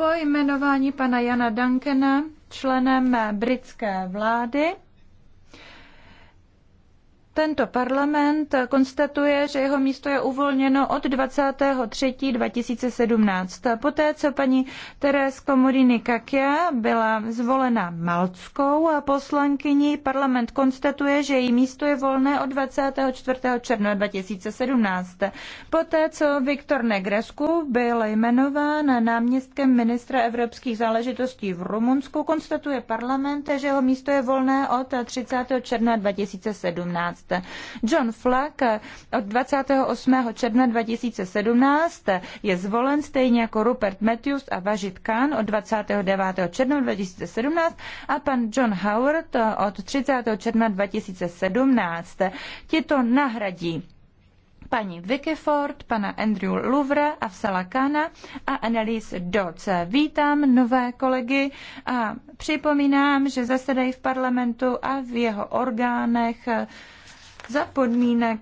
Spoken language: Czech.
po jmenování pana Jana Duncana členem britské vlády tento parlament konstatuje, že jeho místo je uvolněno od 23. 2017. Poté, co paní Teres Komorini Kakia byla zvolena malckou poslankyní, parlament konstatuje, že její místo je volné od 24. června 2017. Poté, co Viktor Negrescu byl jmenován náměstkem ministra evropských záležitostí v Rumunsku, konstatuje parlament, že jeho místo je volné od 30. června 2017. John Flack od 28. června 2017 je zvolen stejně jako Rupert Matthews a Vajit Khan od 29. června 2017 a pan John Howard od 30. června 2017. Tito nahradí paní Vicky Ford, pana Andrew Louvre, Vsala Kana a Annelise Dodds. Vítám nové kolegy a připomínám, že zasedají v parlamentu a v jeho orgánech za podmínek